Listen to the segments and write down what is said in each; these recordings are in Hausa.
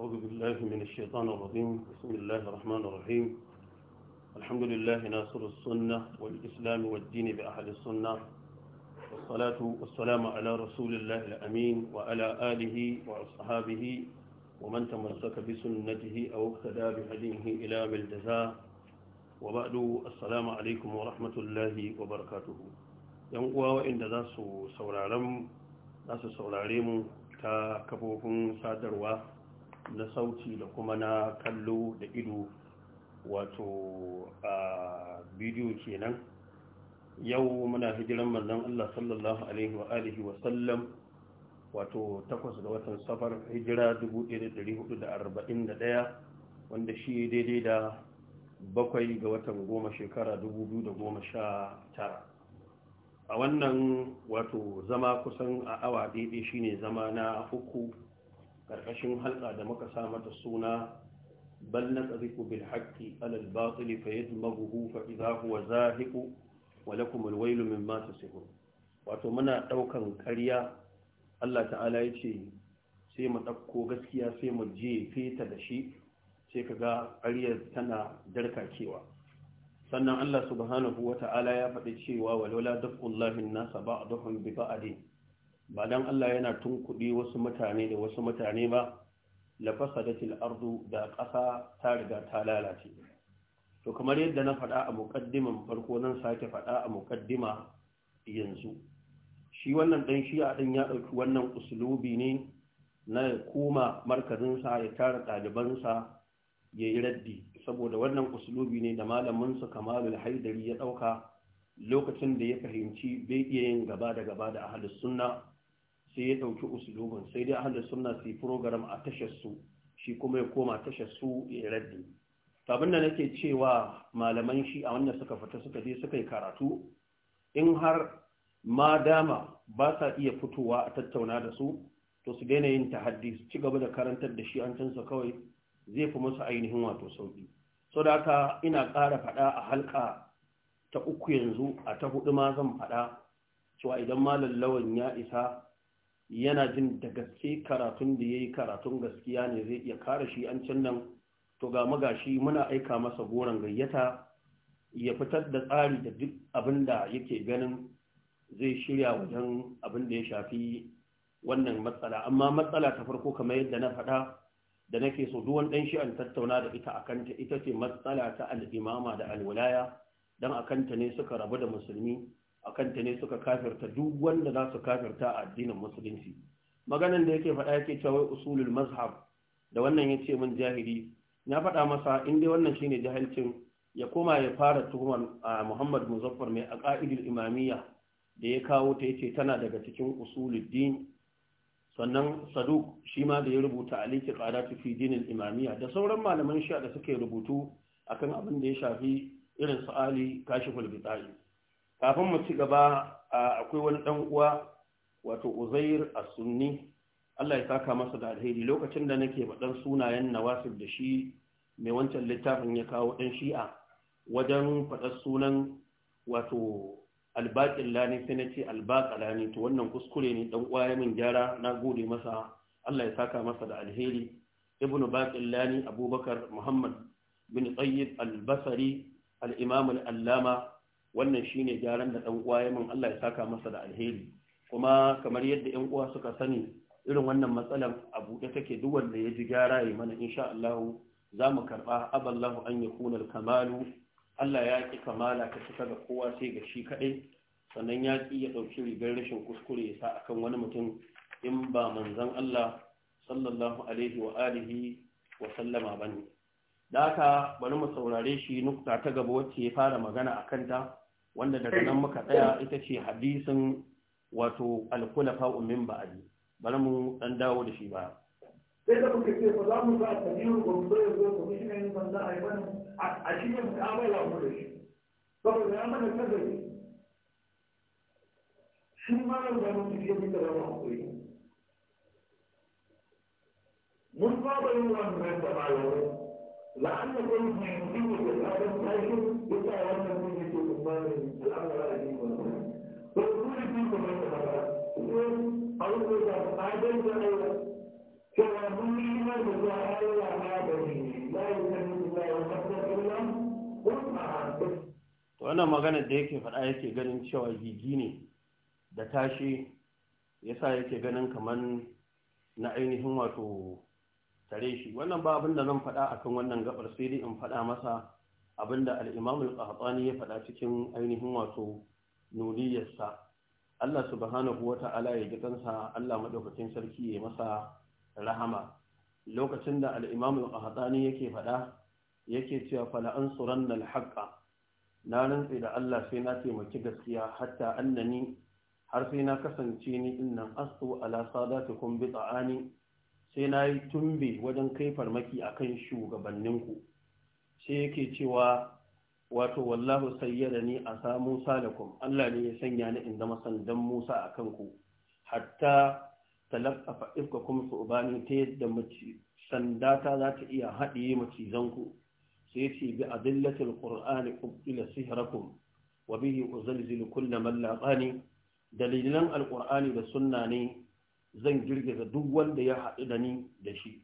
أعوذ بالله من الشيطان الرجيم بسم الله الرحمن الرحيم الحمد لله ناصر السنة والإسلام والدين بأهل السنة والصلاة والسلام على رسول الله الأمين وعلى آله وأصحابه ومن تمسك بسنته أو اقتدى بهديه إلى ملجزاه وبعد السلام عليكم ورحمة الله وبركاته yan uwa waɗanda za su saurare mu ta kafofin sadarwa na sauti da kuma na kallo da ido wato a bidiyo kenan yau muna hijiran manzon Allah sallallahu alaihi wa alihi wa sallam wato takwas ga watan safar hijira 1441 wanda shi daidai da bakwai ga watan goma shekara 2019 a wannan wato zama kusan a awa daidai shine zama na uku ƙarƙashin halka da muka sa mata suna bal na tsariku bil haƙƙi alal batili fa yadmaghu fa idza huwa zahiqu wa lakum al waylu wato muna ɗaukan ƙarya Allah ta'ala ya ce sai mu ɗauko gaskiya sai mu je feta da shi sai ka ga ƙaryar tana darkakewa sannan Allah subhanahu wa ta'ala ya faɗi cewa walola daf'ullahin nasa ba a ba'dahum bi ba'din ba dan Allah yana tun kuɗi wasu mutane da wasu mutane ba la fasadatil ardu da ƙasa ta riga ta lalace to kamar yadda na faɗa a muqaddiman farko nan sake faɗa a muqaddima yanzu shi wannan dan shi a dan ya ɗauki wannan uslubi ne na koma sa ya tara ɗalibansa ya yi raddi saboda wannan uslubi ne da malamin su kamalul haidari ya ɗauka lokacin da ya fahimci bai iya yin gaba da gaba da ahlus sunna sai ya ɗauki usulubin sai dai ahalar suna su yi program a tashar shi kuma ya koma tashar su ya raddi abin da nake cewa malaman shi a wannan suka fita suka je suka yi karatu in har ma dama ba sa iya fitowa a tattauna da su to su daina yin tahaddi su ci gaba da karantar da shi an cansa kawai zai fi musu ainihin wato sauƙi so da haka ina ƙara faɗa a halka ta uku yanzu a ta hudu ma zan faɗa cewa idan malallawan ya isa yana jin da gaske karatun da ya yi karatun gaskiya ne zai iya kare shi an can nan to ga magashi muna aika masa goron gayyata ya fitar da tsari da duk abin da yake ganin zai shirya wajen abin da ya shafi wannan matsala amma matsala ta farko kamar yadda na faɗa da nake so duwan ɗan shi an tattauna da ita a kanta ita ce matsala ta al'imama da alwulaya don a kanta ne suka rabu da musulmi akan ta ne suka kafirta duk wanda za su kafirta a addinin musulunci maganan da yake faɗa yake cewa usulul mazhab da wannan ya ce min jahili na faɗa masa in dai wannan shine jahilcin ya koma ya fara tuhumar Muhammad Muzaffar mai aqaidul imamiyya da ya kawo ta yace tana daga cikin usulul din sannan saduk shi ma da ya rubuta aliki qadatu fi dinil imamiyya da sauran malaman shi'a da suke rubutu akan abin da ya shafi irin su Ali Kashiful Bitai kafin mu ci gaba akwai wani dan uwa wato Uzair as-Sunni Allah ya saka masa da alheri lokacin da nake faɗan sunayen nawasir da shi mai wancan littafin ya kawo ɗan Shi'a wajen faɗar sunan wato albaƙin lani sai na ce albaƙa lani to wannan kuskure ne ɗan ya min gyara na gode masa Allah ya saka masa da alheri ibnu baƙin lani abubakar muhammad bin tsayyid albasari al'imam allama wannan shine gyaran da dan uwa ya min Allah ya saka masa da alheri kuma kamar yadda yan uwa suka sani irin wannan matsalar a buɗe take duk wanda ya ji gyara ya mana insha Allah za mu karɓa aballahu an yakuna kamalu Allah ya ki kamala ka cika ga kowa sai ga shi kaɗai sannan ya ki ya ɗauki rigar rashin kuskure ya sa akan wani mutum in ba manzon Allah sallallahu alaihi wa alihi wa sallama bane da haka bari mu saurare shi nukta ta gaba wacce ya fara magana a kanta wanda daga nan muka tsaya ita ce hadisin wato alkulafa umin ba'adi bari mu dan dawo da shi ba sai da kuka ce ba za mu sa tabiru gombe ya zo kwamishinan ban za a yi bane a shi ne mu'amala mu da shi saboda ya mana nazari shi ma yau da mun tafiye mun da rama hakuri mun saba yin wannan da malamai la'anna kun fahimci ne da sabon tashin yasa wannan mun yake tsammanin al'amura a cikin wannan ko kuma shi ko mai da ba ko aure da adan da aure cewa mun yi mai da zuwa Allah ma da ni la yukallifu Allahu nafsan illa wus'aha wannan maganar da yake faɗa yake ganin cewa gigi ne da tashi yasa yake ganin kaman na ainihin wato tare shi wannan ba abin da zan faɗa akan wannan gabar sai dai in faɗa masa abinda da Al'imamul al ya faɗa cikin ainihin wato nuniyarsa Allah subhanahu ta'ala ya ji Allah maɗaukacin sarki ya masa rahama lokacin da Al'imamul imam yake faɗa yake cewa fala ansuranna al haƙƙa. na rantsi da Allah sai na taimaki gaskiya hatta annani har sai na kasance ni innan astu ala kun bi tsa'ani. sai na yi tumbe wajen kai farmaki akan shugabanninku sai yake cewa wato wallahu sayyadani a sa Musa lakum Allah ne ya sanya ni in zama sandan Musa a kanku hatta talaqafa ifkakum subani ta yadda mace sanda ta za ta iya haɗiye macizan ku sai yace bi adillatil qur'ani ubtila sihrakum wa bihi uzalzilu kull man laqani dalilan alqur'ani da sunna ne zan girgiza duk wanda ya haɗu da ni da shi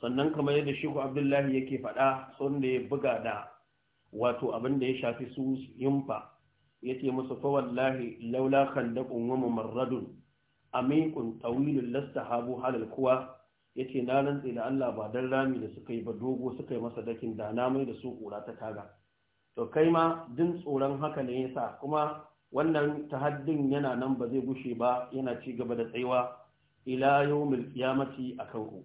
sannan kamar yadda shiku abdullahi yake faɗa sun da ya buga da wato abin da ya shafi su yimfa ya ce musu fa wallahi laula khandaqun wa mumarradun amikun lasta lastahabu halal kuwa ya ce na rantse da Allah ba dan rami da suka yi ba dogo suka yi masa dakin da na mai da su kura ta kaga to kai ma din tsoron haka ne yasa kuma wannan tahaddin yana nan ba zai gushe ba yana ci gaba da tsayuwa ila yawmil qiyamati akan ku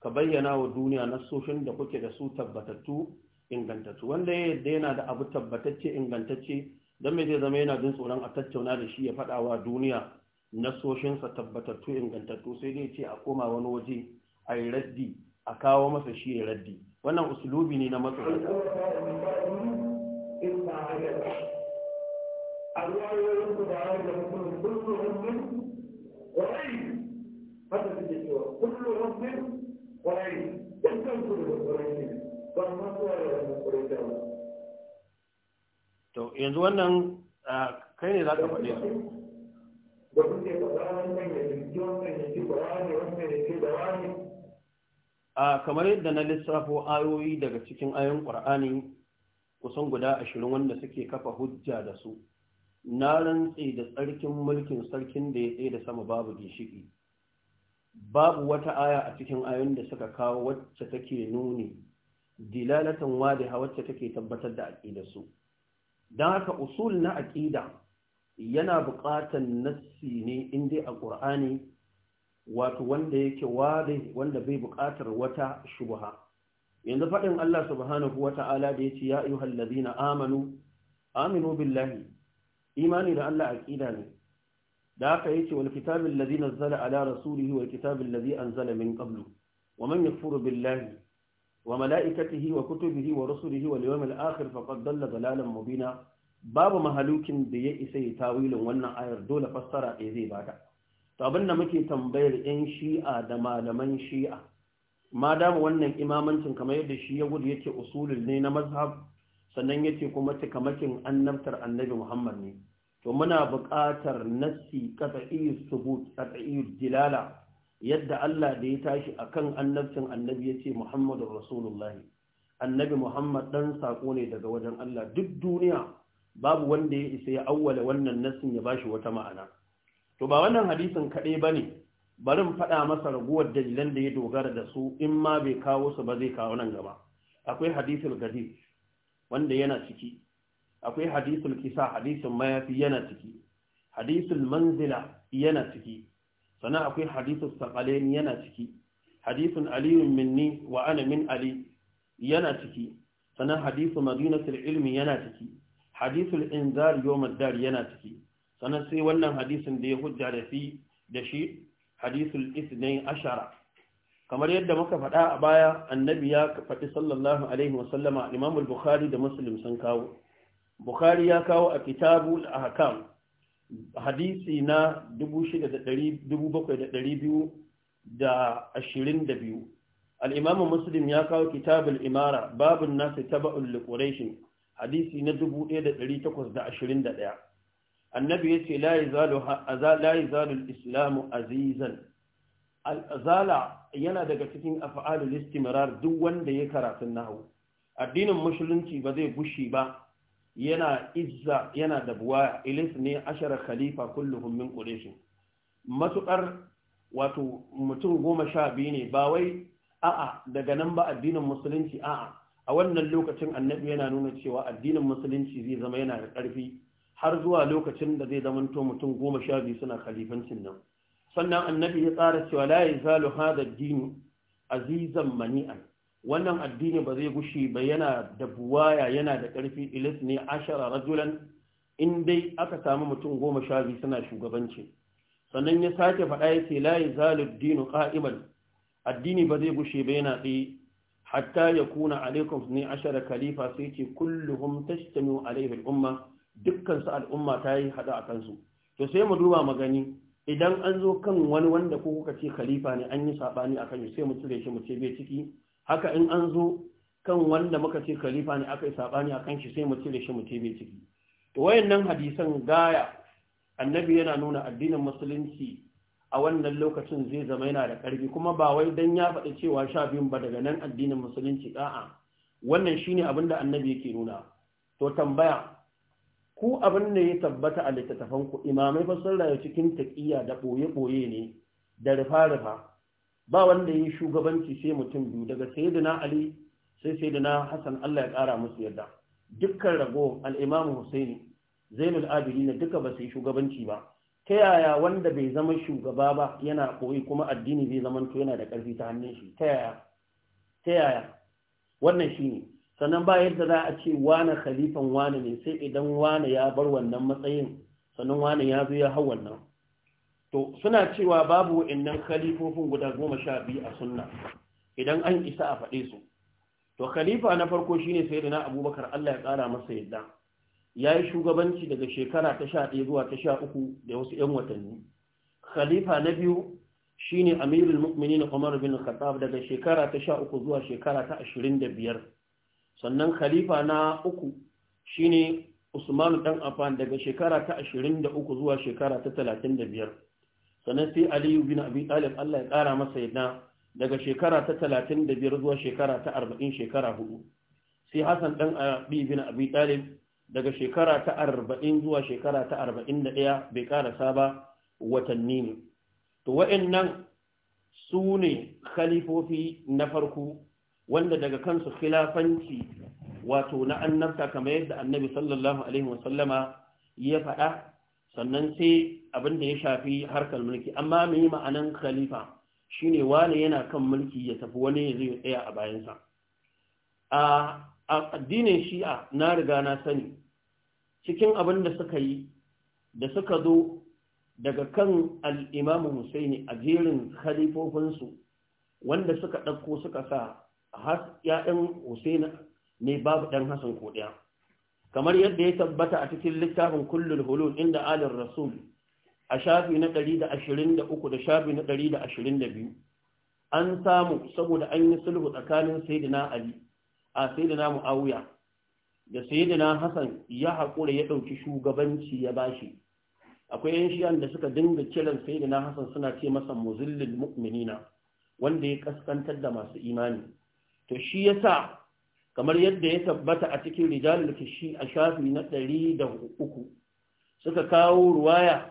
ka bayyana wa duniya nasoshin da kuke da su tabbatattu ingantattu wanda ya yadda yana da abu tabbatacce ingantacce don mai zai zama yana jin tsoron a tattauna da shi ya faɗa wa duniya sa tabbatattu ingantattu sai dai ce a koma wani waje a yi raddi a kawo masa shi ya raddi wannan usulubi ne na "Kullum a kwarai don kan su da kwarai ne ba ma zuwa da wannan kwarai da ba to yanzu wannan kai ne za ka faɗe su da kuke faɗa wannan ya ji wannan ya ji kwarai wannan ya ji da wani a kamar yadda na lissafo ayoyi daga cikin ayon ƙur'ani, kusan guda ashirin wanda suke kafa hujja da su na rantse da tsarkin mulkin sarkin da ya tsaye da sama babu ginshiki babu wata aya a cikin ayoyin da suka kawo wacce take nuni dilalatan wadiha wacce take tabbatar da aqida su dan haka usul na aqida yana buƙatar nassi ne inda a ƙur'ani wato wanda yake wadi wanda bai buƙatar wata shubha yanzu faɗin Allah subhanahu wata'ala da yace ya ayyuhallazina amanu aminu billahi imani da Allah aqida ne da haka yake wal kitabin ladhi nazzala ala rasulihi wal kitabin an zala min qablu wa man Furu billahi wa mala'ikatihi wa kutubihi wa rusulihi wal yawmil akhir faqad dalla dalalan mubina babu mahalukin da ya isa ya tawilin wannan ayar dole fassara ɗaya zai bata to abin da muke tambayar yan shi'a da malaman shi'a ma dama wannan imamancin kamar yadda shi ya gudu yake usulul ne na mazhab sannan yake kuma tikamakin annabtar annabi Muhammad ne to muna buƙatar nassi qat'iyyus subut qat'iyyud dilala yadda Allah da ya tashi akan annabcin annabi ya ce Muhammadu Rasulullah annabi Muhammad dan sako ne daga wajen Allah duk duniya babu wanda ya isa ya awwala wannan nassin ya bashi wata ma'ana to ba wannan hadisin kaɗai bane bari mu faɗa masa raguwar dalilan da ya dogara da su in ma bai kawo su ba zai kawo nan gaba akwai hadisul gadi wanda yana ciki akwai hadisul kisa hadisin mayafi yana ciki hadisul manzila yana ciki sannan akwai hadisul saqalain yana ciki hadisun aliyun minni wa ana min ali yana ciki sannan hadisul madinatul ilmi yana ciki hadisul inzar yawmaddar yana ciki sannan sai wannan hadisin da ya hujja da fi da shi hadisul isnain ashara kamar yadda muka faɗa a baya annabi ya faɗi sallallahu alaihi sallama, imamul bukhari da muslim sun kawo Bukhari ya kawo a kitabu al ahkam hadisi na 6722 al-imamu muslim ya kawo kitabu imara babun nasu taba'ul Likurashin, hadisi na 1821 annabi yace la yazalu la islamu azizan al-azala yana daga cikin af'alul istimrar duk wanda ya karatu nahwu addinin musulunci ba zai gushi ba yana izza yana da buwa ilis ne ashara khalifa kulluhum min quraish matukar wato mutum goma sha biyu ne ba wai a'a daga nan ba addinin musulunci a'a a wannan lokacin annabi yana nuna cewa addinin musulunci zai zama yana da ƙarfi har zuwa lokacin da zai zamanto mutum goma sha biyu suna khalifancin nan sannan annabi ya tsara cewa la yazalu hadha ad-din azizan mani'an wannan addini ba zai gushi ba yana da buwaya yana da ƙarfi ilis ne ashara rajulan in dai aka samu mutum goma sha biyu suna shugabanci sannan ya sake faɗa ya ce layi zalib dinu ƙa'iman addini ba zai gushe ba yana tsaye hatta ya kuna alaikum ne ashara kalifa sai ce kulluhum tashtamu alaihi al'umma dukkan su al'umma ta yi hada a kansu to sai mu duba mu gani idan an zo kan wani wanda ko kuka ce khalifa ne an yi sabani akan shi sai mu cire shi mu ce bai ciki haka in an zo kan wanda muka ce khalifa ne aka yi sabani akan shi sai mu cire shi mu tebe ciki to wayannan hadisan gaya annabi yana nuna addinin musulunci a wannan lokacin zai zama yana da ƙarfi kuma ba wai dan ya faɗi cewa sha biyun ba daga nan addinin musulunci a'a wannan shine abin da annabi yake nuna to tambaya ku abin da ya tabbata a littattafan ku imamai fa sun rayu cikin taqiya da boye boye ne da rufa rufa ba wanda ya shugabanci sai mutum biyu daga sayyidina ali sai sayyidina hasan Allah ya kara musu yadda dukkan rago al husaini zainul abidin duka ba su yi shugabanci ba ta yaya wanda bai zama shugaba ba yana koyi kuma addini zai to yana da karfi ta hannun shi ta yaya ta yaya wannan ne sannan ba yadda za a ce wane khalifan wane ne sai idan wane ya bar wannan matsayin sannan wane ya zo ya hau wannan to suna cewa babu wa'annan khalifofin guda goma sha biyu a sunna idan an isa a faɗe su to khalifa na farko shine na abubakar Allah ya ƙara masa yadda ya yi shugabanci daga shekara ta sha ɗaya zuwa ta sha uku da wasu ‘yan watanni khalifa na biyu shine amirul mu'minin umar bin khattab daga shekara ta sha uku zuwa shekara ta ashirin da biyar sannan khalifa na uku shine usman dan afan daga shekara ta ashirin da uku zuwa shekara ta talatin da biyar sannan sai aliyu bin abi talib Allah ya ƙara masa yadda daga shekara ta talatin da biyar zuwa shekara ta arba'in shekara hudu sai hassan ɗan abi bin abi talib daga shekara ta arba'in zuwa shekara ta arba'in da ɗaya bai ƙarasa ba watanni ne to wa'annan su ne khalifofi na farko wanda daga kansu khilafanci wato na annabta kamar yadda annabi sallallahu alaihi wasallama ya faɗa sannan sai abin da ya shafi harkar mulki amma mai ma'anan khalifa shine wane yana kan mulki ya tafi wani ya zai tsaya a bayansa a addinin shi'a na riga na sani cikin abin da suka yi da suka zo daga kan al'imamu Hussaini a jerin khalifofinsu wanda suka ɗauko suka sa ‘ya'yan husaini ne babu ɗan Hassan ko kamar yadda ya tabbata a cikin littafin kullun hulun inda alin rasul a shafi na 123 da shafi na 122 an samu saboda an yi sulhu tsakanin sayyidina ali a sayyidina muawiya da sayyidina Hassan, ya haƙura ya ɗauki shugabanci ya bashi akwai yan shiyan da suka dinga kiran sayyidina Hassan suna ce masa muzillil mu'minina wanda ya kaskantar da masu imani to shi yasa kamar yadda ya tabbata a cikin rijalul kishi a shafi na ɗari da uku suka kawo ruwaya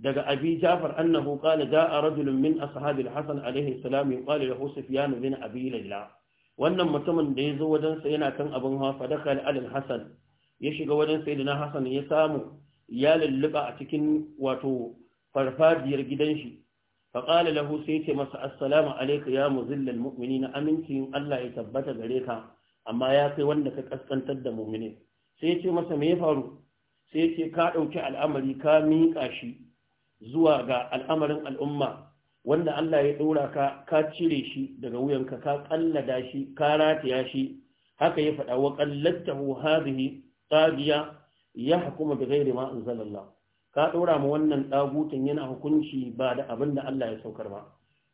daga abi jafar annahu qala da'a rajulun min sahabin Hassan alaihi salam yuqalu lahu sufyan bin abi layla wannan mutumin da ya wajen sa yana kan abin hawa fa dakala Hassan, ya shiga wajen na Hassan ya samu ya a cikin wato farfajiyar gidan shi ce masa Assalamu له ya مسا mu'mini na aminci in Allah ya tabbata gare ka. amma ya kai wanda ka kaskantar da mu'minin sai ya ce masa me ya faru sai ce ka ɗauki al'amari ka miƙa shi zuwa ga al'amarin al'umma wanda Allah ya ɗora ka ka cire shi daga wuyanka ka ƙallada shi ka rataya shi haka ya faɗa wa ƙallatahu hadhihi tabiya ya hukuma bi ghairi ma anzalallah ka ɗora ma wannan ɗagutan yana hukunci ba da abin da Allah ya saukar ba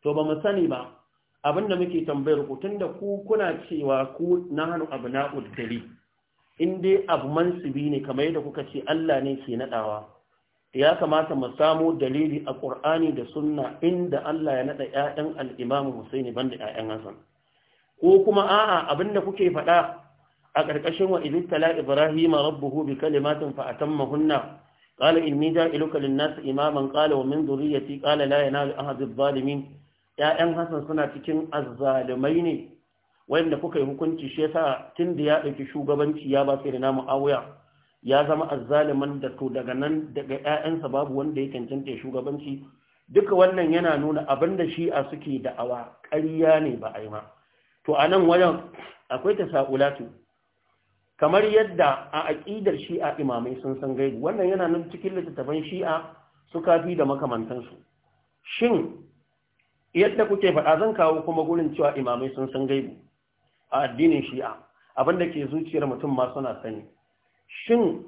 to ba mu sani ba abin da muke tambayar ku tunda ku kuna cewa ku na abu na uddari in dai abu mansibi ne kamar yadda kuka ce Allah ne ke nadawa ya kamata mu samu dalili a Qur'ani da Sunna inda Allah ya nada ƴaƴan al-Imam Husaini banda ƴaƴan Hassan ko kuma a'a abinda kuke faɗa a ƙarƙashin wa Tala ibrahima rabbuhu bi kalimatin fa atammahunna qala inni ja'iluka lin-nasi imaman qala wa min dhurriyyati qala la yanalu ahadu adh-dhalimin ‘ya'yan Hassan suna cikin azzalumai ne, wanda kuka yi hukunci shi yasa tun da ya ɗauki shugabanci ya ba sai da namu awuya ya zama azzaluman da to daga nan daga ‘ya'yansa babu wanda ya cancanta shugabanci. Duka wannan yana nuna abinda da shi'a suke da'awa ƙarya ne ba a yi ma. To a nan wajen akwai ta sa'ulatu, kamar yadda a aƙidar shi'a imamai sun san gaibu, wannan yana nan cikin littattafan shi'a su kafi da makamantansu. Shin yadda kuke faɗa zan kawo kuma gurin cewa imamai sun san gaibu a addinin shi'a abinda ke zuciyar mutum ma suna sani shin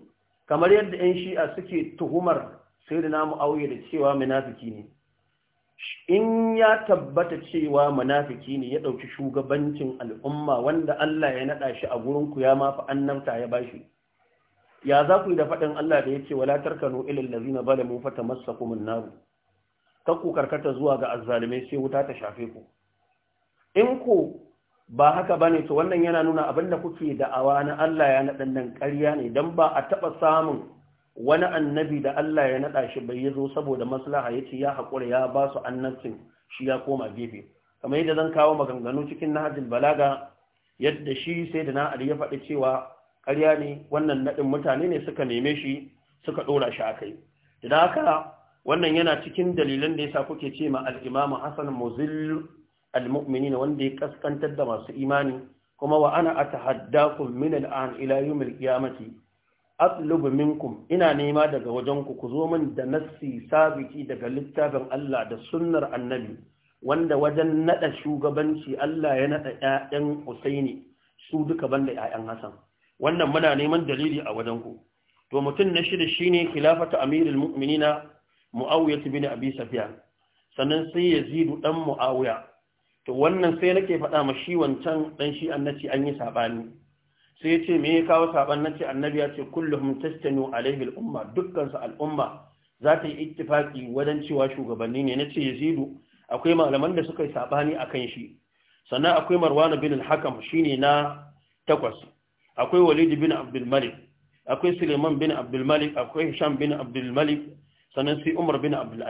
kamar yadda 'yan shi'a suke tuhumar sai da namu auye da cewa munafiki ne in ya tabbata cewa munafiki ne ya ɗauki shugabancin al'umma wanda Allah ya naɗa shi a gurin ku ya mafi annabta ya bashi ya za ku yi da faɗin Allah da ya ce wala tarkanu ilal lazina zalamu fatamassakumun nar ku karkata zuwa ga azzalimai sai wuta ta shafe ku in ku ba haka bane to wannan yana nuna abin da kuke da'awa na Allah ya naɗa nan ƙarya ne dan ba a taɓa samun wani annabi da Allah ya naɗa shi bai zo saboda maslaha ya ce ya hakura ya ba su annabcin shi ya koma gefe kamar yadda zan kawo maganganu cikin nahajin balaga yadda shi sai da na'ari ya faɗi cewa ƙarya ne wannan naɗin mutane ne suka neme shi suka ɗora shi a kai idan haka wannan yana cikin dalilan da yasa kuke ce ma al Hassan hasan al wanda ya kaskantar da masu imani kuma wa ana atahaddakum min al-an ila yawm al minkum ina nema daga wajenku ku zo min da nassi sabiki daga littafin Allah da sunnar annabi wanda wajen nada shugabanci Allah ya nada 'ya'yan Husaini su duka banda 'ya'yan Hassan wannan muna neman dalili a wajenku to mutum na shida shine khilafatu amirul mu'minina mu'awiyah bin abi safiya, sannan sai yazidu ɗan mu'awiya to wannan sai nake faɗa ma shi wancan ɗan shi annaci an yi saɓani. sai yace me ya kawo saban nace annabi ya ce kullum tastanu alaihi al'umma umma dukkan za ta yi ittifaƙi wajen cewa shugabanni ne nace yazidu akwai malaman da suka yi saɓani a kan shi sannan akwai marwana bin al-hakam shine na takwas akwai walid bin abdul malik akwai suleiman bin abdul malik akwai hisham bin abdul malik sannan sai Umar bin Abdul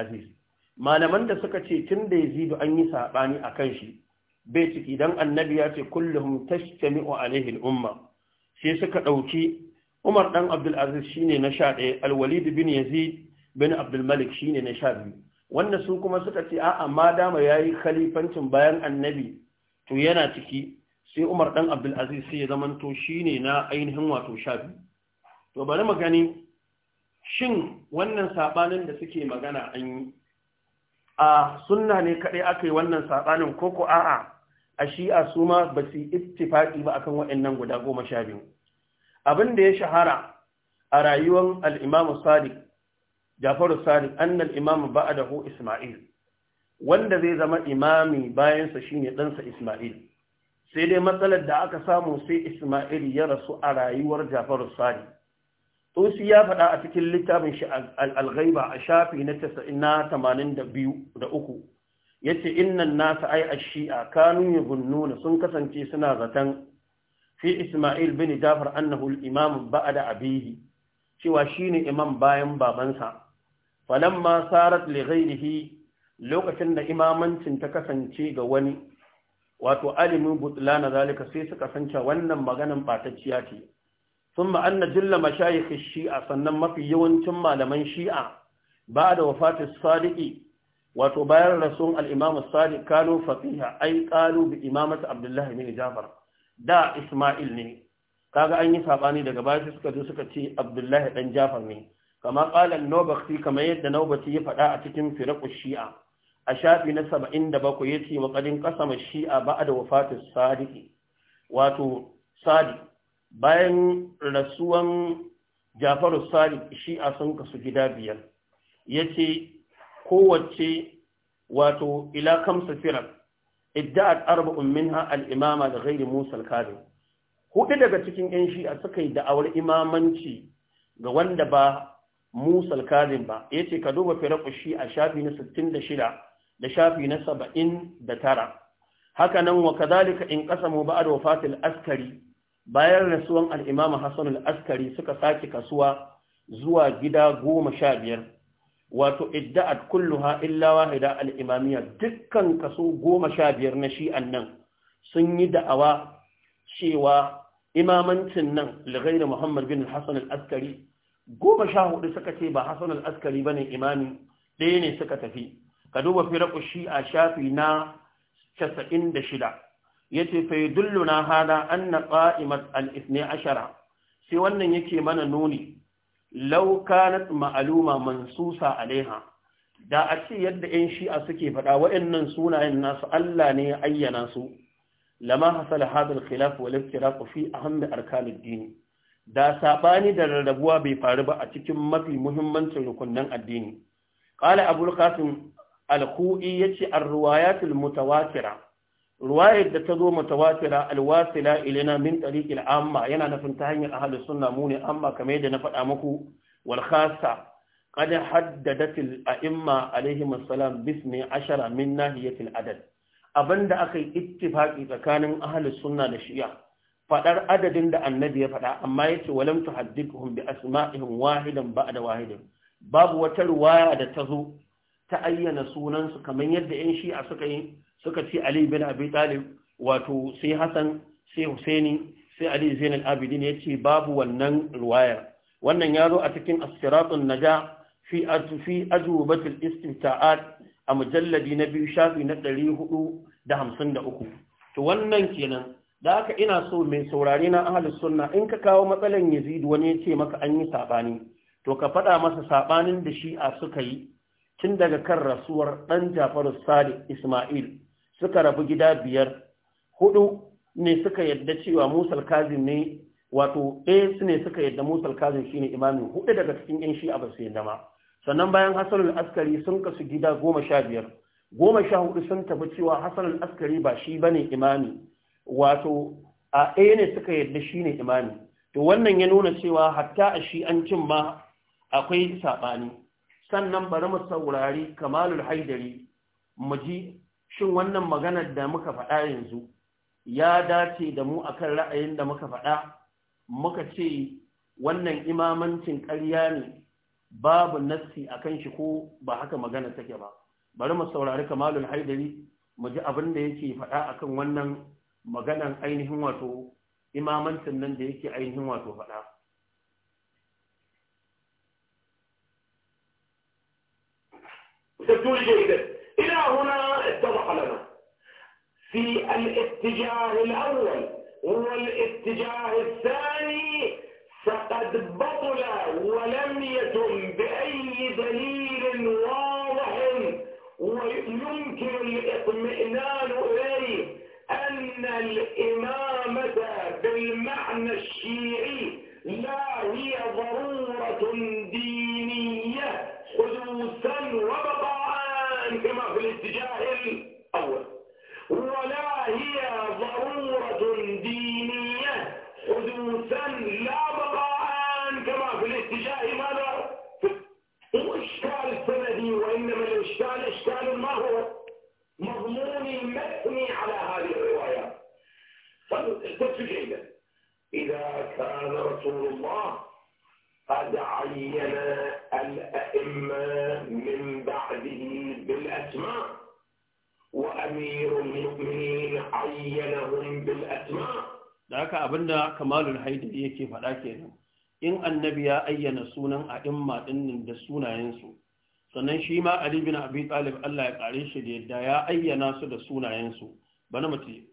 malaman da suka ce tun da yazidu an yi saɓani a kan shi bai ciki don annabi ya ce kullum tajtami'u alaihi al-umma sai suka ɗauki Umar dan Abdul Aziz shine na sha ɗaya. walid bin Yazid bin Abdulmalik shine na biyu. wannan su kuma suka ce a'a ma dama yayi khalifancin bayan annabi to yana ciki sai Umar dan Abdul Aziz sai ya zamanto shine na ainihin wato biyu. to bari mu gani shin wannan saɓanin da suke magana an yi a sunna ne kaɗai aka yi wannan saɓanin ko ko a'a a shi'a su ma ba su ittifaƙi ba akan waɗannan guda goma sha biyu abin da ya shahara a rayuwar al'imamu sadiq jafaru sadiq annal imamu dahu isma'il wanda zai zama imami bayansa shine ɗansa isma'il sai dai matsalar da aka samu sai isma'il ya rasu a rayuwar jafaru sadiq tusi ya faɗa a cikin littafin shi al a shafi na 82 da uku yace innan nasa ai a shia kanu yabunnuna sun kasance suna zaton. fi Isma'il bin Jafar annahul al-imam ba'da abihi cewa shine imam bayan babansa falamma sarat li lokacin da imamancin ta kasance ga wani wato alimin na zalika sai suka sanca wannan maganar batacciya ce sun ma an na jilla mashayikin shi'a sannan mafi yawancin malaman shi'a ba da wafatar sadiki wato bayan rasun al’imamu sadiki kano fasiha ai kalu bi abdullahi mini jafar da ismail ne kaga an yi saɓani daga bashi suka zo suka ce abdullahi ɗan jafar ne kama ƙalan nobakti kama yadda nobakti ya faɗa a cikin firaku shi'a a shafi na saba'in da bakwai ya ce maƙadin ƙasa shi'a ba da wafatar sadiki wato sadiki bayan rasuwan jafaru shi shi'a sun kasu gida biyar ya ce kowace wato ila kamsa firar idda'at arba'un minha al-imama da ghairi musa al hudu daga cikin yan shi'a suka yi da'awar imamanci ga wanda ba musa al ba ya ce ka duba firar shi'a shafi na 66 da shafi na 79 haka nan wa kadalika in ba ba'da wafatil askari bayan rasuwan al’imama hassan al'askari suka sake kasuwa zuwa gida goma sha biyar wato idda'at kulluha illa wahida al'imamiya dukkan kaso goma sha biyar na shi'an nan sun yi da'awa cewa imamancin nan lagairu muhammad bin hassan al'askari goma sha hudu suka ce ba hassan al'askari ba ne imami ɗaya ne suka tafi ka duba firaku a shafi na casa'in da shida yace fa yadulluna hada anna qa'imat al ashara sai wannan yake mana nuni lauka na ma'aluma mansusa alaiha da a ce yadda 'yan shi'a suke faɗa waɗannan sunayen nasu Allah ne ya ayyana su lama hasala hadal khilaf wal iftiraq fi aham arkanid dini da saɓani da rarrabuwa bai faru ba a cikin mafi muhimmancin rukunnan addini ƙala abul qasim alku'i khui yace ar-riwayatul mutawatira ruwayar da ta zo mutawatira alwasila ilaina min tariqil amma yana nufin ta hanyar ahlus sunna mu ne amma kamar yadda na faɗa muku wal khassa qad haddadat al a'imma alaihim assalam bismi ashara min nahiyatil adad abinda aka yi ittifaqi tsakanin ahlus sunna da shi'a faɗar adadin da annabi ya faɗa amma yace walam tuhaddithuhum bi asma'ihim wahidan ba'da wahidin babu wata ruwaya da ta zo ta ayyana sunansu kamar yadda 'yan shi'a suka yi suka ce Ali bin Abi Talib wato sai Hassan sai Husaini sai Ali Zain al-Abidin yace babu wannan riwayar wannan ya zo a cikin as-siratun naja fi fi ajubat al-istimta'at a mujalladi na biyu shafi na 453 to wannan kenan da haka ina so mai saurare na ahlus sunna in ka kawo matsalan Yazid wani yace maka an yi sabani to ka faɗa masa sabanin da shi'a suka yi tun daga kan rasuwar ɗan Jafaru Sadiq Ismail suka rabu gida biyar hudu ne suka yadda cewa musul kazim ne wato ɗaya su ne suka yadda musal shi shine imamin hudu daga cikin yan shi'a ba su yadda ma sannan bayan hasanul askari sun kasu gida goma sha biyar goma sha hudu sun tafi cewa hasanul askari ba shi bane imami wato a ɗaya ne suka yadda shine imami to wannan ya nuna cewa hatta a shi an cin ma akwai saɓani sannan bari mu saurari kamalul haidari mu ji shin wannan maganar da muka faɗa yanzu ya dace da mu akan ra'ayin da muka faɗa muka ce wannan imamancin ƙarya ne babu nassi akan shi ko ba haka magana take ba bari mu saurari kamalul haidari mu ji abin da yake faɗa akan wannan maganan ainihin wato imamancin nan da yake ainihin wato faɗa تقول إلى هنا قلمه في الاتجاه الأول والاتجاه الثاني فقد بطل ولم يتم بأي دليل واضح ويمكن الاطمئنان إليه أن الإمامة بالمعنى الشيعي لا هي ضرورة دينية حدوثا وبقاء كما في الاتجاه ولا هي ضرورة دينية حدوثا لا بقاء كما في الاتجاه ماذا؟ هو إشكال سندي وإنما الإشكال إشكال ما هو مضمون مبني على هذه الروايات طيب، فالتفت جيدا إذا كان رسول الله قد عين الأئمة من بعده بالأسماء وأمير المؤمنين عينهم بالأسماء da haka كمال kamalul haidari yake faɗa kenan in annabi ya ayyana sunan a imma dinnin da sunayensu sannan shi ma ali bin abi talib Allah ya kare shi da yadda ya ayyana su da sunayensu bana mace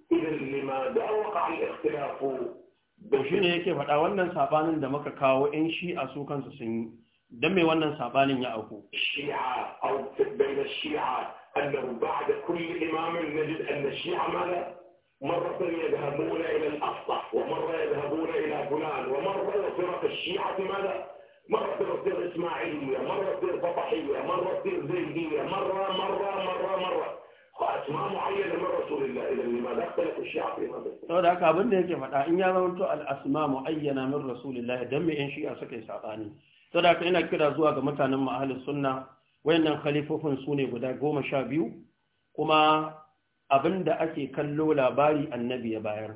to shi ne yake faɗa wannan sabanin da muka kawo yan shi'a su kansu sun yi don me wannan sabanin ya auku shi'a au bayna shi'at أنه بعد كل إمام نجد أن الشيعة ماذا مرة يذهبون إلى الأفطح ومرة يذهبون إلى فلان ومرة فرق الشيعة ماذا مرة تصير إسماعيلية مرة تصير فطحية مرة تصير زيدية مرة مرة مرة مرة أسماء معينة من رسول الله إذا لماذا اختلف الشيعة في هذا؟ هذا هكا بند هيك فتا إن يا الأسماء معينة من رسول الله دم إن شيعة سكي سعطاني to da ina kira zuwa ga mutanen mu sunna wayannan khalifofin su ne guda goma sha biyu kuma abinda ake kallo labari annabi ya bayar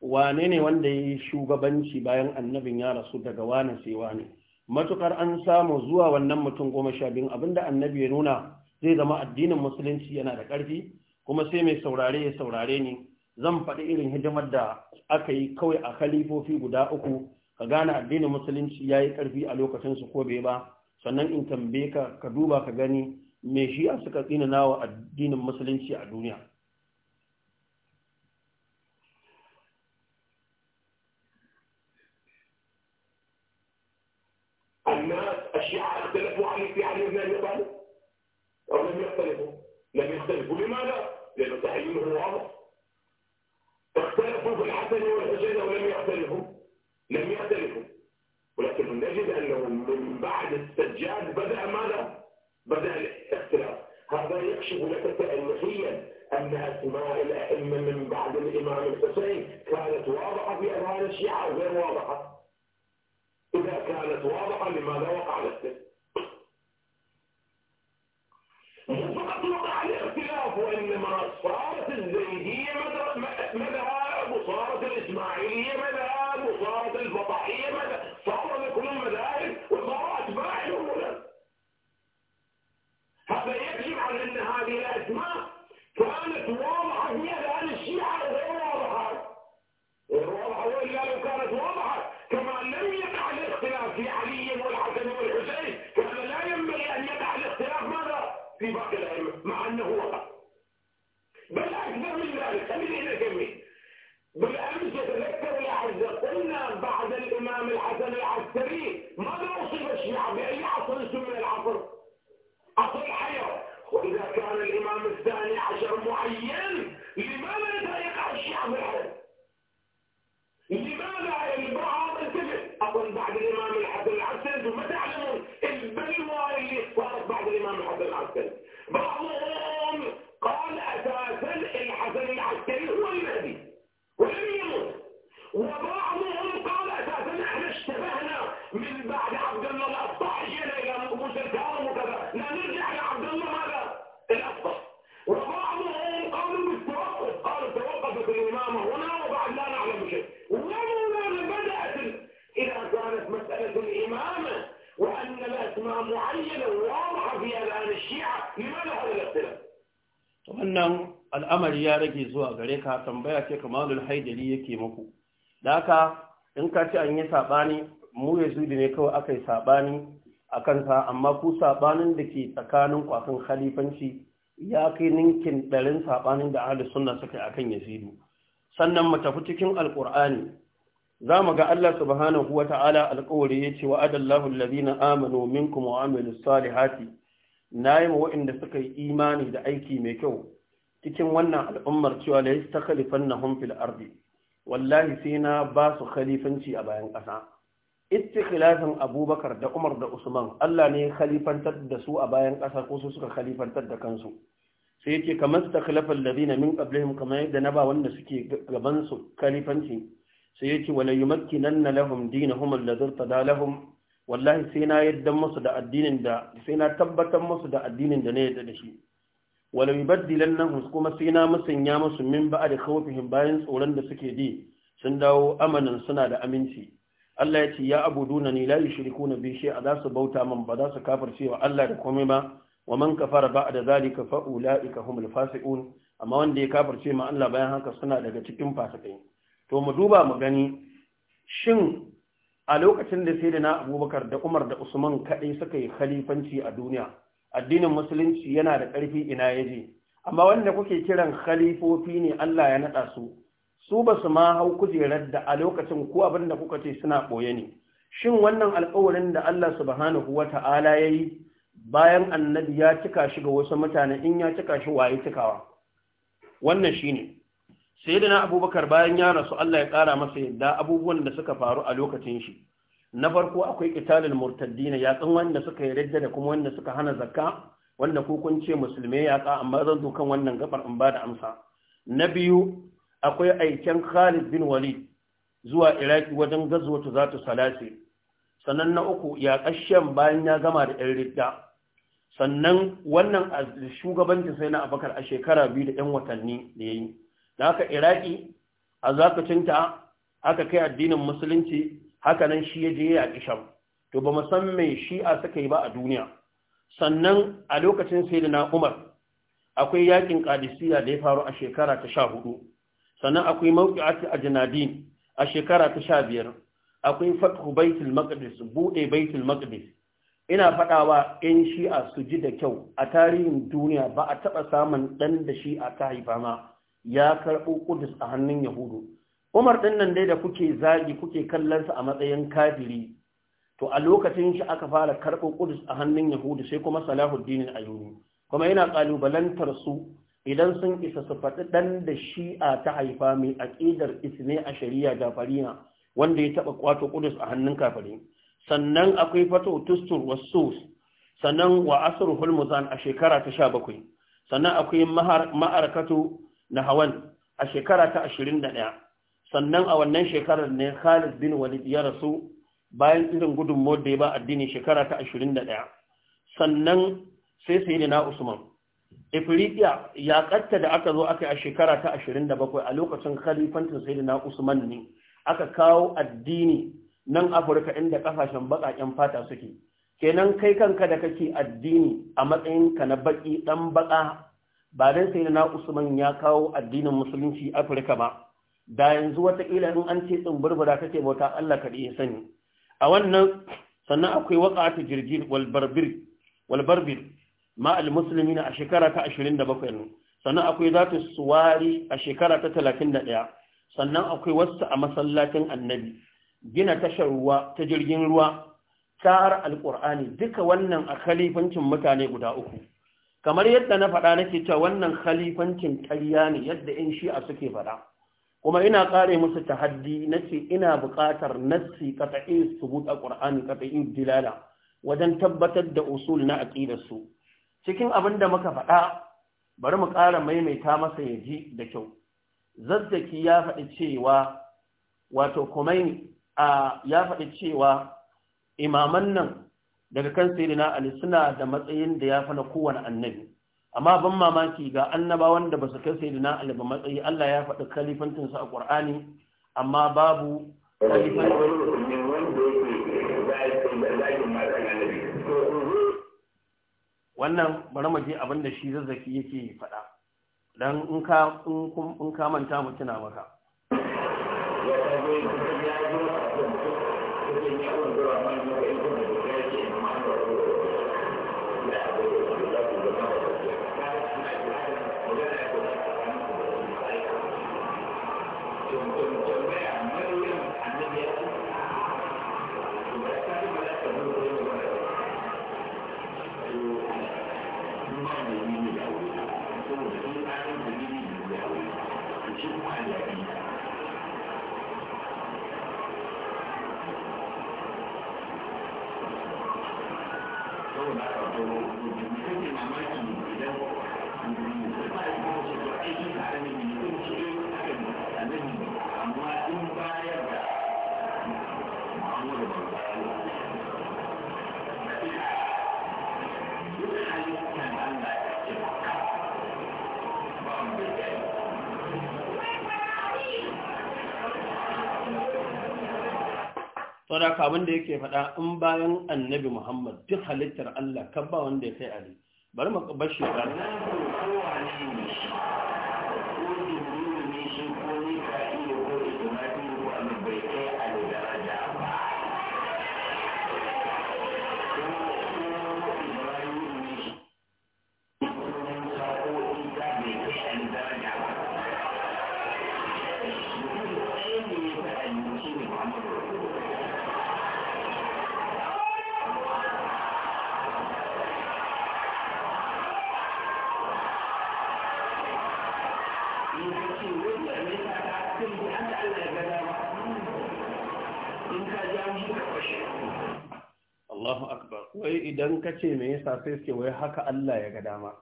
wane ne wanda ya yi shugabanci bayan annabin ya rasu daga wane sai wane matukar an samu zuwa wannan mutum goma sha biyu abinda annabi ya nuna zai zama addinin musulunci yana da ƙarfi kuma sai mai saurare ya saurare ni zan faɗi irin hidimar da aka yi kawai a khalifofi guda uku ka gane addinin musulunci ya yi ƙarfi a lokacinsu ko bai ba sannan in tambaye ka ka duba ka gani me shi a suka tsinana wa addinin musulunci a duniya الشيعة اختلفوا علي في لم يختلفوا لم يختلفوا لماذا؟ لان تحليله واضح اختلفوا في الحسن والحسن بعد السجاد بدأ ماذا؟ بدأ الاختلاف هذا يكشف لك تاريخيا أن أسماء الأئمة من بعد الإمام الحسين كانت واضحة في أذهان الشيعة وغير واضحة إذا كانت واضحة لماذا وقع الاختلاف؟ في بعض الأئمة مع أنه وقع بل أكثر من ذلك خليني أكمل بالأمس تذكر يا عزة قلنا بعد الإمام الحسن العسكري ماذا أصيب الشيعة بأي عصر سمي العصر؟ عصر الحيرة وإذا كان الإمام الثاني عشر معين wannan al'amari ya rage zuwa gare ka tambaya ce kamalul haidari yake muku da in ka ci an yi saɓani mu ya zudi ne kawai aka yi saɓani a kansa amma ku saɓanin da ke tsakanin kwakan khalifanci ya kai ninkin ɗarin saɓanin da ahalus sunna suka yi akan yazidu sannan mu tafi cikin alƙur'ani za mu ga Allah subhanahu ta'ala alƙawari ya ce wa'adallahu allazina amanu minkum wa hati salihati nayi ma waɗanda suka yi imani da aiki mai kyau cikin wannan al'ummar cewa la na fil ardi wallahi sai na ba su khalifanci a bayan ƙasa istikhlafin Abubakar da Umar da Usman Allah ne khalifantar da su a bayan ƙasa ko su suka khalifantar da kansu sai yake kamar istakhlafal ladina min qablihim kamar yadda na ba wanda suke gaban su khalifanci sai yace wala na lahum dinahum alladhi tada lahum wallahi sai na yadda musu da addinin da sai na tabbatar musu da addinin da na yadda da shi wala yubaddilannahum kuma sai na musanya musu min ba'd khawfihim bayan tsoron da suke ji sun dawo amanan suna da aminci Allah ya ce ya abuduna ni la yushrikuna bi shay'a za su bauta man ba za su kafirce wa Allah da komai ba wa man kafara ba'da zalika fa ulaika humul fasiqun amma wanda ya kafirce ma Allah bayan haka suna daga cikin fasikai to mu duba mu gani shin a lokacin da sai da na abubakar da umar da usman kaɗai suka yi khalifanci a duniya addinin musulunci yana da ƙarfi ina ya je amma wanda kuke kiran khalifofi ne allah ya naɗa su su ba su ma hau kujerar da a lokacin ko abinda kuka ce suna ɓoye ne shin wannan alƙawarin da allah subhanahu wa ta'ala ya yi bayan annabi ya cika shi ga wasu mutane in ya cika shi waye cikawa wannan shine sai da na abubakar bayan ya rasu Allah ya ƙara masa yadda abubuwan da suka faru a lokacin shi na farko akwai italin murtaddina yatsun wanda suka yi rajja da kuma wanda suka hana zakka wanda ko kun ce musulmai amma zan zo kan wannan gabar in ba da amsa na biyu akwai aiken khalid bin walid zuwa iraki wajen gazwatu za ta salasi sannan na uku ya ƙashen bayan ya gama da yan rida sannan wannan shugabancin sai na abakar a shekara biyu da yan watanni da ya yi da haka iraki a zakacinta aka kai addinin musulunci haka nan shi ya je ya kisha to ba musamman shi'a suka yi ba a duniya sannan a lokacin sayyidina umar akwai yakin kadisiya da ya faru a shekara ta hudu. sannan akwai mawqi'atu ajnadin a shekara ta biyar. akwai fathu baitul maqdis bude baitul maqdis ina faɗawa ‘yan shi'a su ji da kyau a tarihin duniya ba a taɓa samun ɗan da shi'a ta haifa ma ya karɓo Kudus a hannun Yahudu. Umar ɗin nan dai da kuke zagi kuke kallonsa a matsayin kafiri, to a lokacin shi aka fara karɓo Kudus a hannun Yahudu sai kuma Salahuddin Ayubi. Kuma yana ƙalubalantar su idan sun isa su faɗi ɗan da shi'a ta haifa mai aƙidar isne a shari'a farina wanda ya taɓa kwato Kudus a hannun kafiri. Sannan akwai fato tustur wasu sannan wa asrul muzan a shekara ta sha bakwai sannan akwai ma'arakatu na hawan a shekara ta 21 sannan a wannan shekarar ne Khalid bin Walid ya rasu bayan irin gudunmuwar da ya ba addini shekara ta 21 sannan sai sai na Usman Ifriqiya ya katta da aka zo aka a shekara ta 27 a lokacin khalifantin na Usman ne aka kawo addini nan Afirka inda kafashen baƙaƙen fata suke kenan kai kanka da kake addini a matsayinka na baki ɗan baƙa. ba dan sai na Usman ya kawo addinin musulunci Afirka ba da yanzu wataƙila in an ce burbura take bauta Allah kaɗai ya sani a wannan sannan akwai wal jirgin wal barbir ma al muslimina a shekara ta 27 sannan akwai zatu suwari a shekara ta 31 sannan akwai wasu a masallacin annabi gina tashar ruwa ta jirgin ruwa tar alƙur'ani duka wannan a khalifancin mutane guda uku kamar yadda na faɗa nake cewa wannan khalifancin ƙarya ne yadda in shi'a suke faɗa kuma ina ƙare musu tahaddi ce ina buƙatar nassi qat'i subut alqur'ani qat'i dilala wajen tabbatar da usul na aqidar su cikin abin da muka faɗa bari mu ƙara maimaita masa yaji da kyau zazzaki ya faɗi cewa wato kuma a ya faɗi cewa imaman nan daga kan sayyidina ali suna da matsayin da ya fana kowane annabi amma ban mamaki ga annabawan da ba su kai sayyidina ali ba matsayi Allah ya faɗi kalifantin su a Qur'ani amma babu wannan bari mu je abin da shi zazzaki yake faɗa dan in ka in ka manta mutuna maka saboda abin da yake faɗa in bayan annabi muhammad duk halittar allah kan ba wanda ya kai ali bari mu bar shi Allahu akbar wai idan ka ce me yasa sai suke wai haka Allah ya ga dama